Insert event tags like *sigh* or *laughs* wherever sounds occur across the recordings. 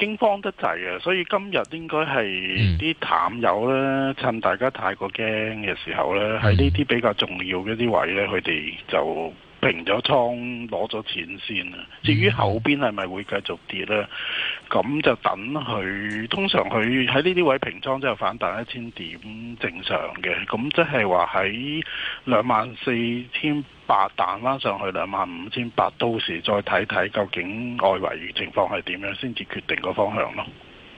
驚慌得滯啊，所以今日應該係啲淡友呢，趁大家太過驚嘅時候呢，喺呢啲比較重要嗰啲位呢，佢哋就平咗倉攞咗錢先啊。至於後邊係咪會繼續跌呢？咁就等佢。通常佢喺呢啲位平倉之後反彈一千點正常嘅。咁即係話喺兩萬四千。反彈翻上去兩萬五千八，25, 8，到時再睇睇究竟外圍情況係點樣，先至決定個方向咯。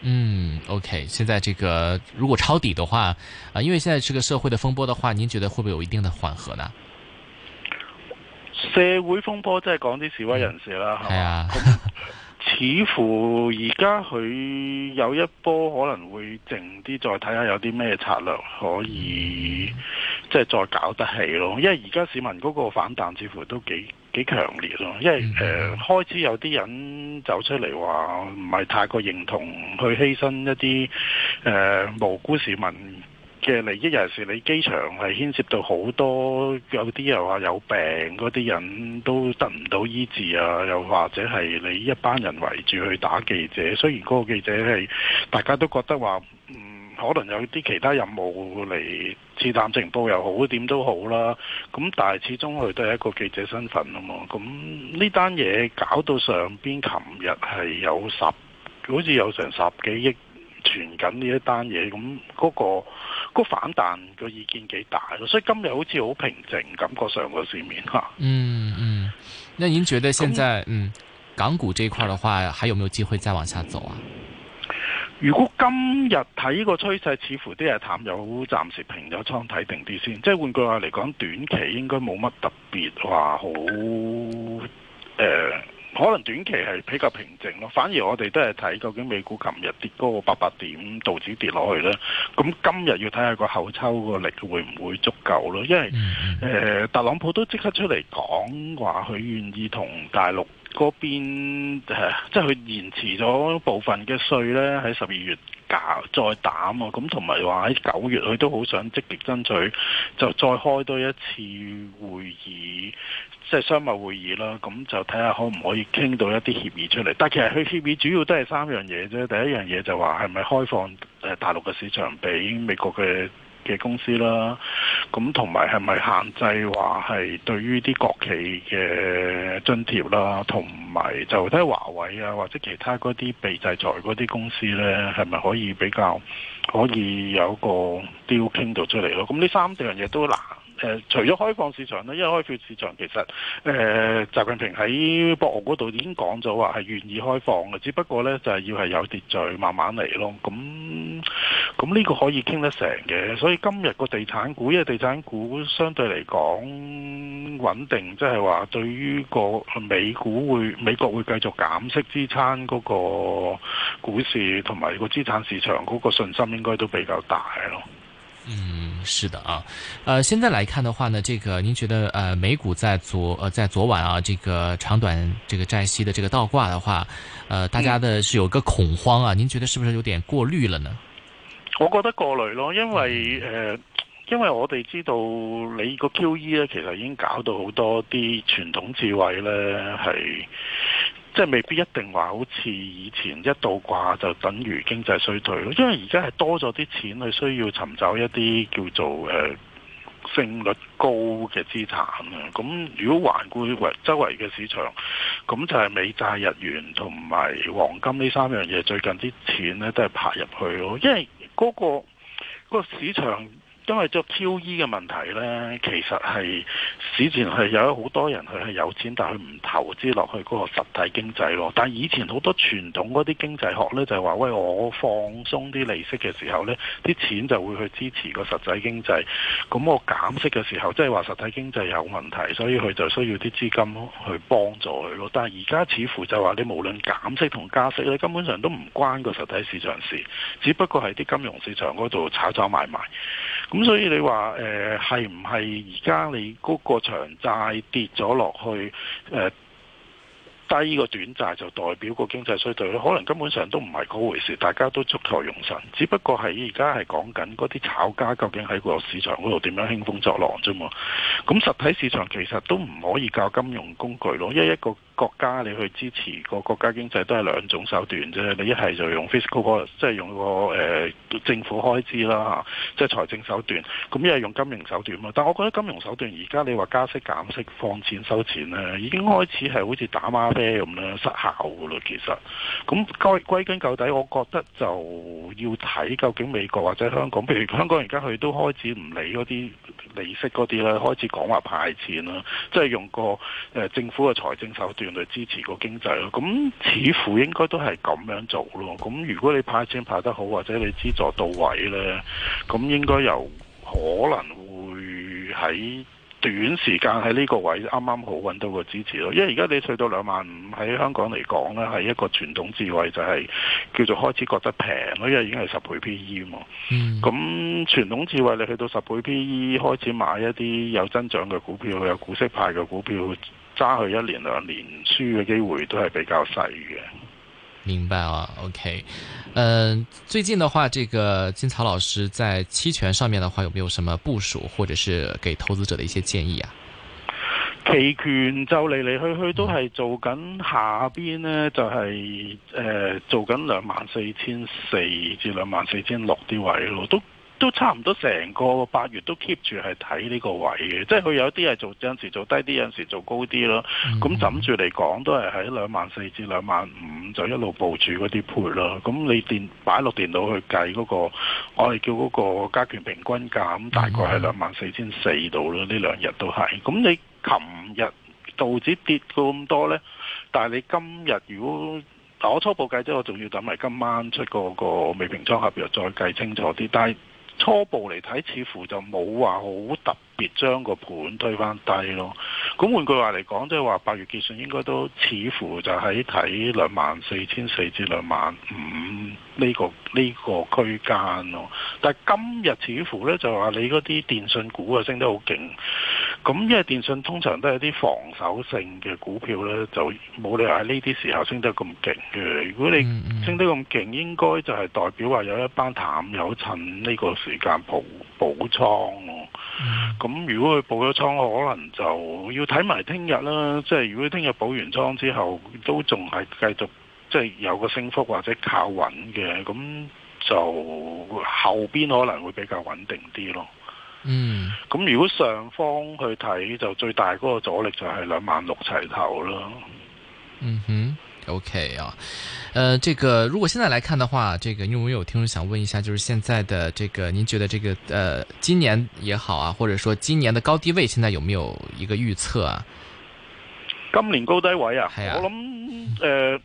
嗯，OK，現在這個如果抄底的話，啊，因為現在這個社會的風波的話，您覺得會不會有一定的緩和呢？社會風波即係講啲示威人士啦，係啊，似乎而家佢有一波可能會靜啲，再睇下有啲咩策略可以。即係再搞得起咯，因為而家市民嗰個反彈似乎都幾幾強烈咯。因為誒、嗯、開始有啲人走出嚟話唔係太過認同去犧牲一啲誒、呃、無辜市民嘅利益，尤其是你機場係牽涉到好多，有啲人又話有病嗰啲人都得唔到醫治啊，又或者係你一班人圍住去打記者，雖然嗰個記者係大家都覺得話可能有啲其他任務嚟刺探情報又好，點都好啦。咁但係始終佢都係一個記者身份啊嘛。咁呢單嘢搞到上邊，琴日係有十，好似有成十幾億傳緊呢一單嘢。咁、那、嗰、個那個反彈個意見幾大，所以今日好似好平靜，感覺上個市面嚇。嗯嗯，那您覺得現在那嗯港股這塊的話，還有沒有機會再往下走啊？如果今日睇呢個趨勢，似乎啲嘢淡有，有暫時平咗倉睇定啲先。即係換句話嚟講，短期應該冇乜特別話好，誒，可能短期係比較平靜咯。反而我哋都係睇究竟美股琴日跌嗰個八百點道指跌落去咧。咁今日要睇下個後抽個力會唔會足夠咯？因為，誒、呃、特朗普都即刻出嚟講話，佢願意同大陸。嗰邊、啊、即係佢延遲咗部分嘅稅呢，喺十二月搞再打嘛，咁同埋話喺九月佢都好想積極爭取，就再開多一次會議，即係商務會議啦。咁就睇下可唔可以傾到一啲協議出嚟。但其實佢協議主要都係三樣嘢啫。第一樣嘢就話係咪開放大陸嘅市場俾美國嘅嘅公司啦，咁同埋係咪限制話係對於啲國企嘅津貼啦，同埋就睇華為啊，或者其他嗰啲被制裁嗰啲公司咧，係咪可以比較可以有個 deal 傾到出嚟咯？咁呢三樣嘢都難誒、呃、除咗開放市場呢，因為開放市場其實誒、呃、習近平喺博鰲嗰度已經講咗話係願意開放嘅，只不過咧就係、是、要係有秩序，慢慢嚟咯，咁。咁呢個可以傾得成嘅，所以今日個地產股，因為地產股相對嚟講穩定，即係話對於個美股會美國會繼續減息支撐嗰個股市同埋個資產市場嗰個信心應該都比較大咯。嗯，是的啊，呃，現在來看的話呢，這個您覺得呃美股在昨呃在昨晚啊，這個長短這個債息的這個倒掛的話，呃，大家的是有一個恐慌啊，您覺得是不是有點過濾了呢？我覺得過濾咯，因為、呃、因為我哋知道你個 QE 咧，其實已經搞到好多啲傳統智慧咧，係即係未必一定話好似以前一倒掛就等於經濟衰退咯。因為而家係多咗啲錢去需要尋找一啲叫做誒勝、呃、率高嘅資產啊。咁如果環顧周圍嘅市場，咁就係美債、日元同埋黃金呢三樣嘢，最近啲錢咧都係排入去咯，因為。嗰個嗰個市場。因為做 QE 嘅問題呢，其實係史前係有好多人佢係有錢，但佢唔投資落去嗰個實體經濟咯。但係以前好多傳統嗰啲經濟學呢，就係話：喂，我放鬆啲利息嘅時候呢，啲錢就會去支持個實體經濟。咁我減息嘅時候，即係話實體經濟有問題，所以佢就需要啲資金去幫助佢咯。但係而家似乎就話你無論減息同加息咧，你根本上都唔關個實體市場事，只不過係啲金融市場嗰度炒炒買賣。咁所以你話係唔係而家你嗰個長債跌咗落去誒、呃、低個短債就代表個經濟衰退咧？可能根本上都唔係嗰回事，大家都捉錯用神，只不過係而家係講緊嗰啲炒家究竟喺個市場嗰度點樣興風作浪啫嘛？咁實體市場其實都唔可以靠金融工具咯，因為一個國家你去支持個國家經濟都係兩種手段啫，你一係就用 fiscal 即係用個、呃、政府開支啦吓，即係財政手段；咁一係用金融手段嘛。但係我覺得金融手段而家你話加息減息放錢收錢咧，已經開始係好似打孖啡咁啦，失效㗎啦其實。咁歸歸根究底，我覺得就要睇究竟美國或者香港，譬如香港而家佢都開始唔理嗰啲利息嗰啲啦，開始講話派錢啦，即係用個政府嘅財政手段。用嚟支持個經濟咯，咁似乎應該都係咁樣做咯。咁如果你派錢派得好，或者你資助到位呢，咁應該有可能會喺短時間喺呢個位啱啱好揾到個支持咯。因為而家你去到兩萬五喺香港嚟講呢，係一個傳統智慧就係叫做開始覺得平咯，因為已經係十倍 P E 嘛。咁傳統智慧你去到十倍 P E 開始買一啲有增長嘅股票，有股息派嘅股票。揸去一年啊，兩年輸嘅機會都係比較細嘅。明白啊，OK。誒、呃，最近的話，這個金曹老師在期權上面的話，有沒有什麼部署，或者是給投資者的一些建議啊？期權就嚟嚟去去都係做緊下邊咧、就是，就係誒做緊兩萬四千四至兩萬四千六啲位咯，都。都差唔多成個八月都 keep 住係睇呢個位嘅，即係佢有啲係做，有陣時做低啲，有陣時做高啲咯。咁枕住嚟講，都係喺兩萬四至兩萬五就一路部署嗰啲配咯。咁、嗯、你電擺落電腦去計嗰、嗰個，我哋叫嗰個加權平均價，咁大概係兩萬四千四度囉。呢兩日都係。咁你琴日道指跌咁多呢？但係你今日如果我初步計咗，我仲要等埋今晚出嗰個未平倉合約再計清楚啲，但初步嚟睇，似乎就冇話好特別將個盤推翻低咯。咁換句話嚟講，即係話八月結算應該都似乎就喺睇兩萬四千四至兩萬五呢個呢個區間咯。但係今日似乎咧就話你嗰啲電信股啊升得好勁。咁因為電信通常都係啲防守性嘅股票呢，就冇理由喺呢啲時候升得咁勁嘅。如果你升得咁勁，應該就係代表話有一班淡友趁呢個時間補補倉咁、嗯、如果佢補咗倉，可能就要睇埋聽日啦。即係如果聽日補完倉之後都仲係繼續即係、就是、有個升幅或者靠穩嘅，咁就後邊可能會比較穩定啲咯。嗯，咁如果上方去睇就最大嗰個阻力就係兩萬六齊頭咯。嗯哼，OK 啊，誒、呃，這個如果現在來看的話，這個因為我有聽眾想問一下，就是現在的這個，您覺得這個，誒、呃，今年也好啊，或者說今年的高低位，現在有沒有一個預測啊？今年高低位啊，係啊，我諗誒，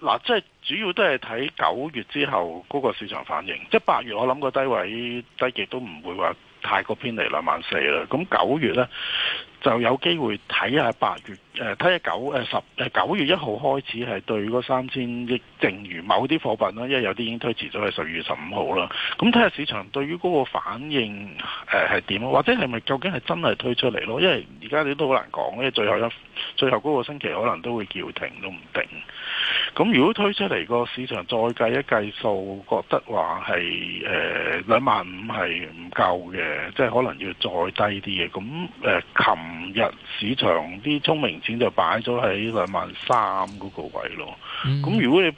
嗱、呃，即係主要都係睇九月之後嗰個市場反應，即係八月我諗個低位低極都唔會話。太過偏離兩萬四啦，咁九月咧就有機會睇下八月，誒睇下九誒十誒九月一號開始係對嗰三千億剩餘某啲貨品啦，因為有啲已經推遲咗係十二月十五號啦，咁睇下市場對於嗰個反應誒係點啊，或者係咪究竟係真係推出嚟咯？因為而家你都好難講，因為最後一最後嗰個星期可能都會叫停都唔定。咁如果推出嚟個市場再計一計數，覺得話係誒兩萬五係唔夠嘅，即係可能要再低啲嘅。咁誒，琴、呃、日市場啲聰明錢就擺咗喺兩萬三嗰個位咯。咁、嗯、如果你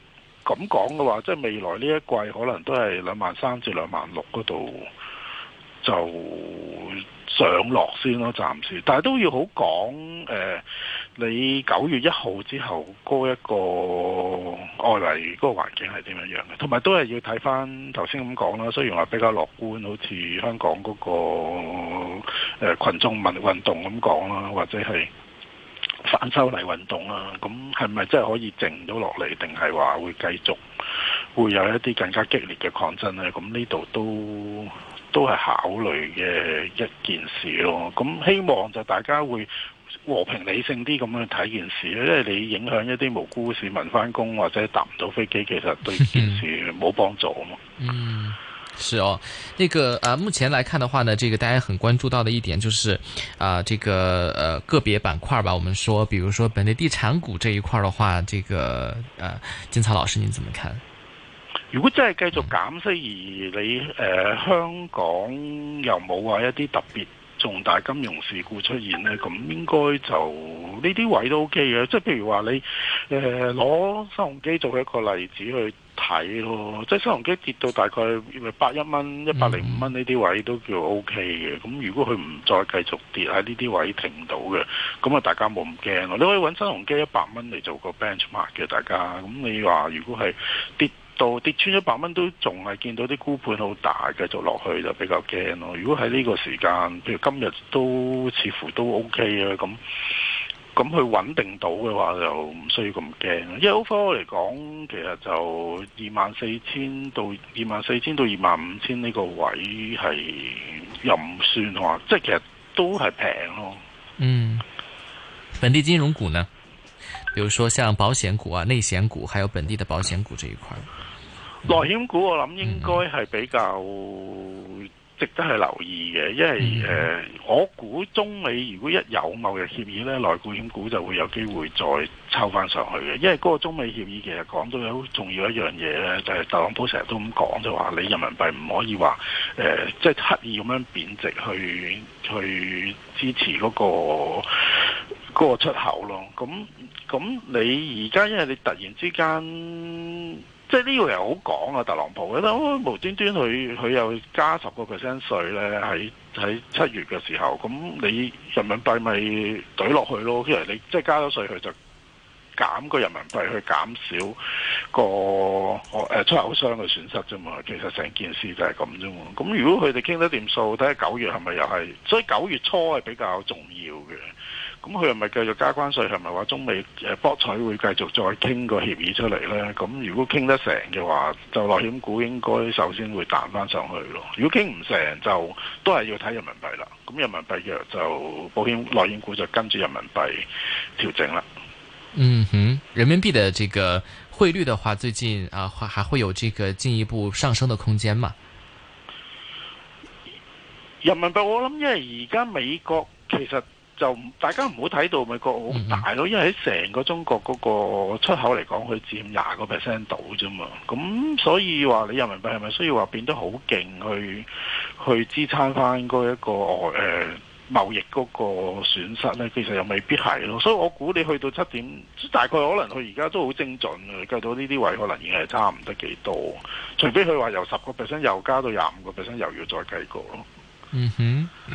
咁講嘅話，即係未來呢一季可能都係兩萬三至兩萬六嗰度，就上落先咯，暫時，但係都要好講誒，你九月一號之後嗰一個外圍嗰個環境係點樣樣嘅，同埋都係要睇翻頭先咁講啦。雖然話比較樂觀，好似香港嗰、那個、呃、群眾運運動咁講啦，或者係反修例運動啦，咁係咪真係可以靜到落嚟，定係話會繼續？會有一啲更加激烈嘅抗爭咧，咁呢度都都係考慮嘅一件事咯。咁希望就大家會和平理性啲咁樣睇件事，因為你影響一啲無辜市民翻工或者搭唔到飛機，其實對呢件事冇幫助咯。 *laughs* 嗯，是哦。呢、那個、呃、目前來看的話呢，這個大家很關注到的一點就是啊、呃，這個呃、個別板塊吧。我們說，比如說本地地產股這一塊的話，這個呃，金曹老師，您怎麼看？如果真係繼續減息，而你誒、呃、香港又冇話一啲特別重大金融事故出現呢，咁應該就呢啲位都 O K 嘅。即係譬如話你誒攞、呃、新鴻基做一個例子去睇咯，即係新鴻基跌到大概百一蚊、一百零五蚊呢啲位都叫 O K 嘅。咁如果佢唔再繼續跌喺呢啲位停唔到嘅，咁啊大家冇咁驚咯。你可以揾新鴻基一百蚊嚟做個 benchmark 嘅，大家咁你話如果係跌到跌穿一百蚊都仲係見到啲沽盤好大嘅，繼續落去就比較驚咯。如果喺呢個時間，譬如今日都似乎都 O K 啊，咁咁佢穩定到嘅話，就唔需要咁驚。因為股科嚟講，其實就二萬四千到二萬四千到二萬五千呢個位係又唔算話，即係其實都係平咯。嗯，本地金融股呢？比如說，像保險股啊、內險股，還有本地的保險股這一塊。內險股我諗應該係比較值得去留意嘅，因為、嗯呃、我估中美如果一有貿易協議呢，內險股就會有機會再抽翻上去嘅。因為嗰個中美協議其實講到有好重要一樣嘢呢，就係、係、特朗普成日都咁講，就話你人民幣唔可以話即係刻意咁樣貶值去去支持嗰、嗰個嗰、嗰個出口咯。咁咁你而家因為你突然之間。即係呢個嘢好講啊，特朗普無無端端佢佢又加十個 percent 稅呢，喺喺七月嘅時候，咁你人民幣咪懟落去咯？譬如你即係加咗稅，佢就減個人民幣去減少個、哦呃、出口商嘅損失啫嘛。其實成件事就係咁啫嘛。咁如果佢哋傾得掂數，睇下九月係咪又係，所以九月初係比較重要嘅。咁佢係咪繼續加關稅？係咪話中美誒博彩會繼續再傾個協議出嚟呢？咁如果傾得成嘅話，就內險股應該首先會彈翻上去咯。如果傾唔成，就都係要睇人民幣啦。咁人民幣嘅，就保險內險股就跟住人民幣調整啦。嗯哼，人民幣嘅這個匯率的話，最近啊，還還會有這個進一步上升的空間嘛？人民幣，我諗，因為而家美國其實。就大家唔好睇到美國好大咯，mm hmm. 因為喺成個中國嗰個出口嚟講，佢佔廿個 percent 度啫嘛。咁所以話你人民幣係咪需要話變得好勁去去支撐翻嗰一個誒、呃、貿易嗰個損失呢？其實又未必係咯。所以我估你去到七點，大概可能佢而家都好精準啊，計到呢啲位可能已經係差唔得幾多。除非佢話由十個 percent 又加到廿五個 percent，又要再計過咯。嗯哼、mm。Hmm.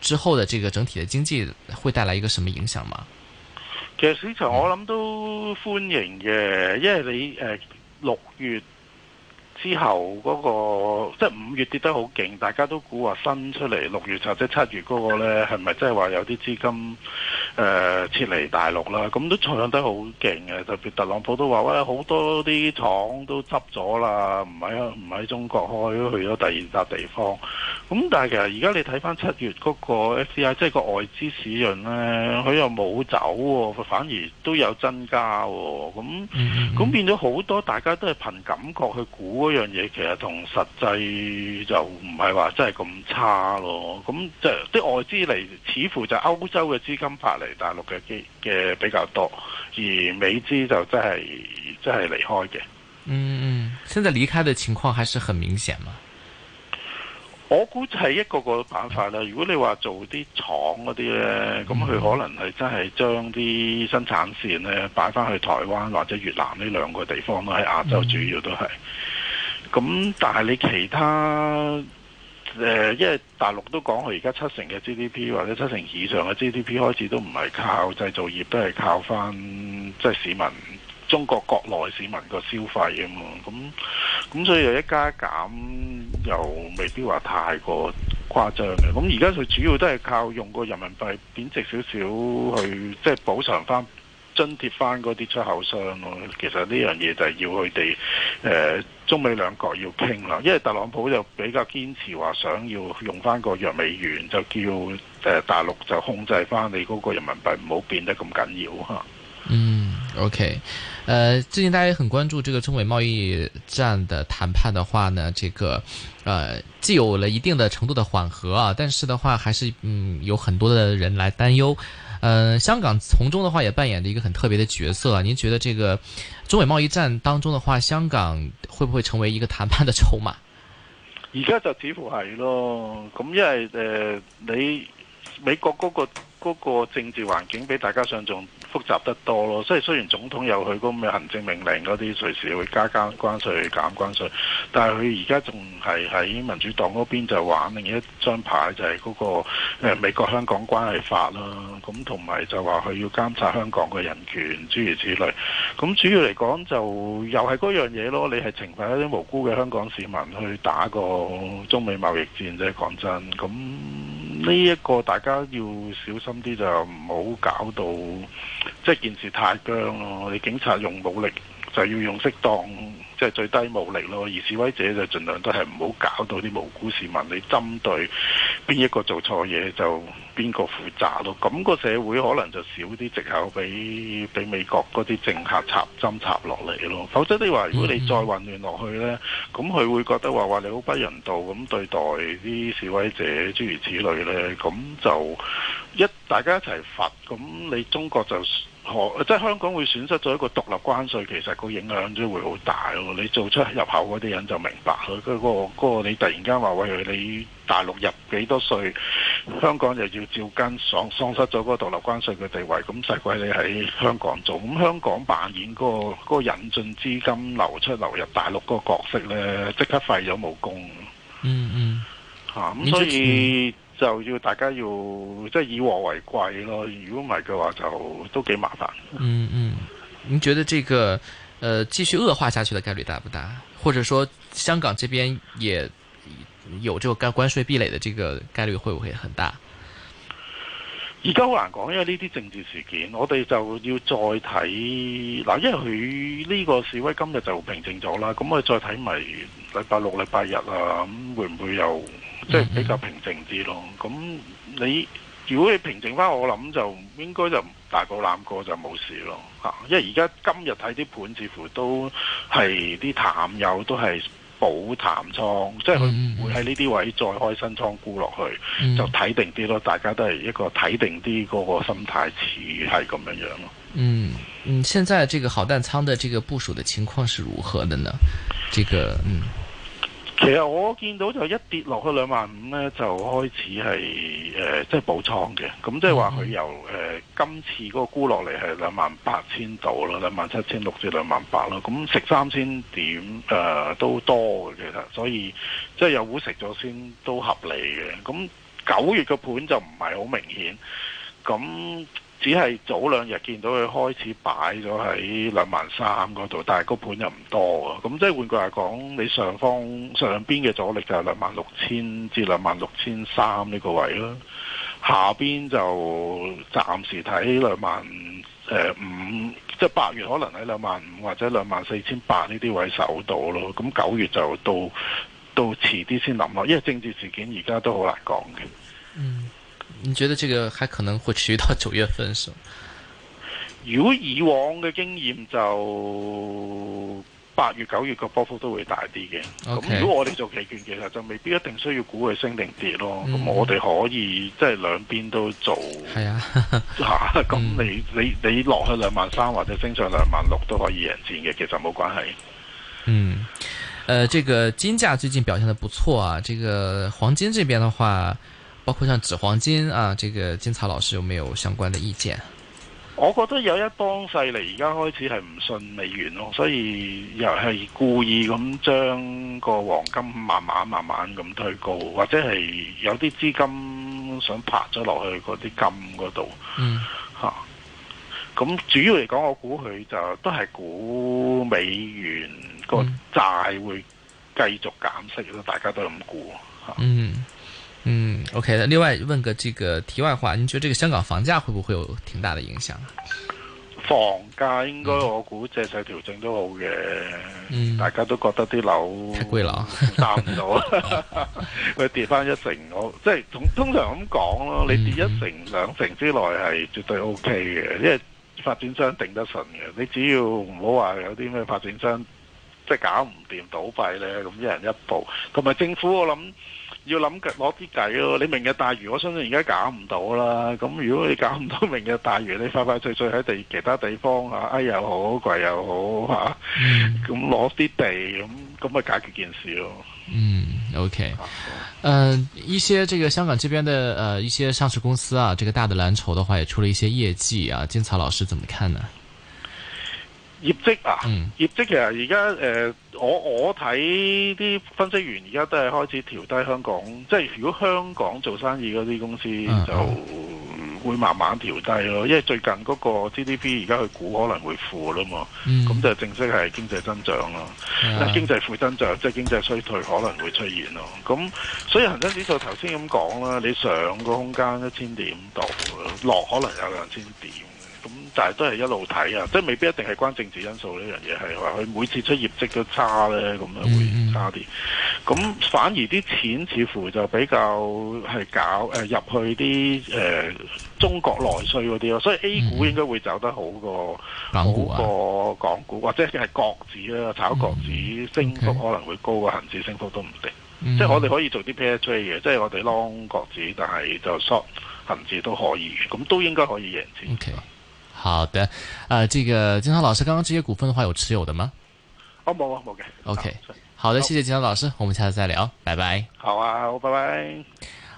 之後的這個整體的經濟會帶來一個什麼影響嗎？其實市場我諗都歡迎嘅，因為你誒六月之後嗰個即係五月跌得好勁，大家都估話新出嚟，六月或者七月嗰個呢，係咪即係話有啲資金？誒、呃、撤離大陸啦，咁都唱得好勁嘅，特別特朗普都話，喂，好多啲廠都執咗啦，唔喺唔喺中國開，去咗第二笪地方。咁但係其實而家你睇翻七月嗰個 FDI 即係個外資市況咧，佢、嗯、又冇走喎、哦，反而都有增加喎、哦。咁咁、嗯、變咗好多，大家都係憑感覺去估嗰樣嘢，其實同實際就唔係話真係咁差咯。咁即係啲外資嚟，似乎就係歐洲嘅資金嚟。大陸嘅機嘅比較多，而美資就真係真係離開嘅。嗯，現在離開嘅情況還是很明顯嘛？我估係一個個板塊啦。如果你話做啲廠嗰啲呢，咁佢可能係真係將啲生產線呢擺翻去台灣或者越南呢兩個地方咯。喺亞洲主要都係。咁、嗯、但係你其他？誒，因為大陸都講佢而家七成嘅 GDP 或者七成以上嘅 GDP 開始都唔係靠製造業，都係靠返即係市民，中國國內市民個消費啊嘛，咁咁所以又一加一減又未必話太過誇張嘅。咁而家佢主要都係靠用個人民幣貶值少少去即係補償返。津貼翻嗰啲出口商咯，其實呢樣嘢就係要佢哋誒，中美兩國要傾啦，因為特朗普就比較堅持話想要用翻個弱美元，就叫誒、呃、大陸就控制翻你嗰個人民幣，唔好變得咁緊要吓。嗯，OK，誒、呃，最近大家也很關注這個中美貿易戰的談判的話呢，這個誒、呃、既有了一定的程度的緩和啊，但是的話還是嗯有很多的人來擔憂。嗯、呃，香港從中的話也扮演着一個很特別的角色啊，啊您覺得這個中美貿易戰當中的話，香港會不會成為一個談判的籌碼？而家就似乎係咯，咁因為誒你美國嗰、那個嗰、那個政治環境比大家想像，複雜得多咯，即係雖然總統有佢嗰咩行政命令嗰啲，隨時會加加關關稅、減關稅，但係佢而家仲係喺民主黨嗰邊就玩另一張牌，就係嗰個誒美國香港關係法啦，咁同埋就話佢要監察香港嘅人權、嗯、諸如此類，咁主要嚟講就又係嗰樣嘢咯，你係懲罰一啲無辜嘅香港市民去打個中美貿易戰啫，講真咁。呢一個大家要小心啲，就唔好搞到即係件事太僵咯。你警察用武力就要用適當，即係最低武力咯。而示威者就盡量都係唔好搞到啲無辜市民，你針對。邊一個做錯嘢就邊個負責咯，咁個社會可能就少啲藉口俾俾美國嗰啲政客插針插落嚟咯。否則你話如果你再混亂落去呢，咁佢會覺得話話你好不人道咁對待啲示威者，諸如此類呢，咁就一大家一齊罰，咁你中國就。即係香港會損失咗一個獨立關稅，其實個影響都會好大咯。你做出入口嗰啲人就明白佢嗰個嗰個你突然間話喂，你大陸入幾多稅？香港又要照跟喪喪失咗嗰個獨立關稅嘅地位，咁使鬼你喺香港做？咁香港扮演嗰個嗰個引進資金流出流入大陸嗰個角色呢，即刻廢咗武功。嗯嗯。咁、吓啊、所以。就要大家要即係以和為貴咯，如果唔係嘅話就都幾麻煩。嗯嗯，你覺得這個誒，繼續惡化下去的概率大不大？或者說香港這邊也有這個關關稅壁壘的這個概率會不會很大？而家好難講，因為呢啲政治事件，我哋就要再睇嗱，因為佢呢個示威今日就平靜咗啦，咁我哋再睇埋禮拜六、禮拜日啊，咁會唔會又？嗯嗯，即係比較平靜啲咯，咁你如果你平靜翻，我諗就應該就大過攬過就冇事咯嚇。因為而家今日睇啲盤，似乎都係啲淡友都係補淡倉。嗯嗯，即係佢唔會喺呢啲位再開新倉沽落去，嗯、就睇定啲咯。大家都係一個睇定啲嗰、那個心態，似係咁樣樣咯。嗯嗯，現在這個好淡倉的這個部署的情況是如何的呢？這個嗯。其實我見到就一跌落去兩萬五咧，就開始係誒、呃、即係補倉嘅。咁即係話佢由誒、呃、今次嗰個沽落嚟係兩萬八千度啦，兩萬七千六至兩萬八啦。咁食三千點誒都多嘅，其實所以即係有股食咗先都合理嘅。咁九月嘅盤就唔係好明顯咁。只係早兩日見到佢開始擺咗喺兩萬三嗰度，但係個盤又唔多。咁即係換句話講，你上方上邊嘅阻力就係兩萬六千至兩萬六千三呢個位咯。下邊就暫時睇兩萬五，即係八月可能喺兩萬五或者兩萬四千八呢啲位守到咯。咁九月就到到遲啲先諗咯，因為政治事件而家都好難講嘅。嗯。你覺得這個還可能會持續到九月份是？如果以往嘅經驗就八月、九月個波幅都會大啲嘅。咁 Okay. 如果我哋做期權，其實就未必一定需要估佢升定跌咯。咁、嗯、我哋可以即係、就是、兩邊都做。係啊、哎呀，吓 *laughs* 咁 *laughs* 你、嗯、你你落去兩萬三或者升上兩萬六都可以贏錢嘅，其實冇關係。嗯，誒、呃，這個金價最近表現得不錯啊。這個黃金這邊的話。包括像紙黃金啊，這個金曹老師有沒有相關的意見？我覺得有一幫勢力而家開始係唔信美元咯，所以又係故意咁將個黃金慢慢慢慢咁推高，或者係有啲資金想拍咗落去嗰啲金嗰度。嗯，吓、啊，咁主要嚟講，我估佢就都係估美元個債會繼續減息咯，嗯、大家都咁估吓。啊、嗯。嗯，OK。另外問個這個題外話，你覺得這個香港房價會唔會有挺大的影響？房價應該我估借上調整都好嘅，嗯、大家都覺得啲樓貴樓擔唔到，佢 *laughs* *laughs* 跌翻一成，我 *laughs* 即係通，通常咁講咯，嗯、你跌一成兩成之內係絕對 OK 嘅，嗯、因為發展商頂得順嘅，你只要唔好話有啲咩發展商即係搞唔掂倒閉呢，咁一人一部，同埋政府我諗。要諗攞啲計咯，你明日大嶼我相信而家搞唔到啦。咁如果你搞唔到明日大嶼，你快快脆脆喺地其他地方嚇，哎呀好貴又好嚇，咁攞啲地咁咁咪解決件事咯。嗯，OK，嗯、呃，一些這個香港這邊的，呃、一些上市公司啊，這個大的藍籌的話，也出了一些業績啊，金曹老師怎麼看呢？業績啊，嗯、業績其實而家誒，我我睇啲分析員而家都係開始調低香港，即係如果香港做生意嗰啲公司、嗯、就會慢慢調低咯，因為最近嗰個 GDP 而家佢估可能會負啦嘛，咁、嗯、就正式係經濟增長咯。經、嗯、經濟負增長即係、就是、經濟衰退可能會出現咯。咁所以恒生指數頭先咁講啦，你上個空間一千點度，落可能有兩千點。但係都係一路睇啊，即係未必一定係關政治因素呢樣嘢係話佢每次出業績都差咧，咁樣會差啲。咁、嗯嗯、反而啲錢似乎就比較係搞、呃、入去啲誒、呃、中國內需嗰啲咯，所以 A 股應該會走得好過、嗯、好過港股，啊、或者係國指啊，炒國指、嗯、升幅可能會高過恒指升幅都唔定。嗯、即係我哋可以做啲 P and J 嘅，即係我哋 long 國指，但係就 short 恒指都可以，咁都應該可以贏錢。Okay, 好的，呃，這個金濤老師剛剛這些股份的話有持有的嗎？哦，冇啊，冇嘅。OK，好的，No. 謝謝金濤老師，我們下次再聊，拜拜。好啊，拜、哦、拜。Bye bye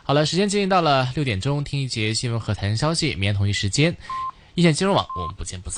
好了，時間接近到了六點鐘，聽一節新聞和財經消息，明天同一時間，一線金融網，我們不見不散。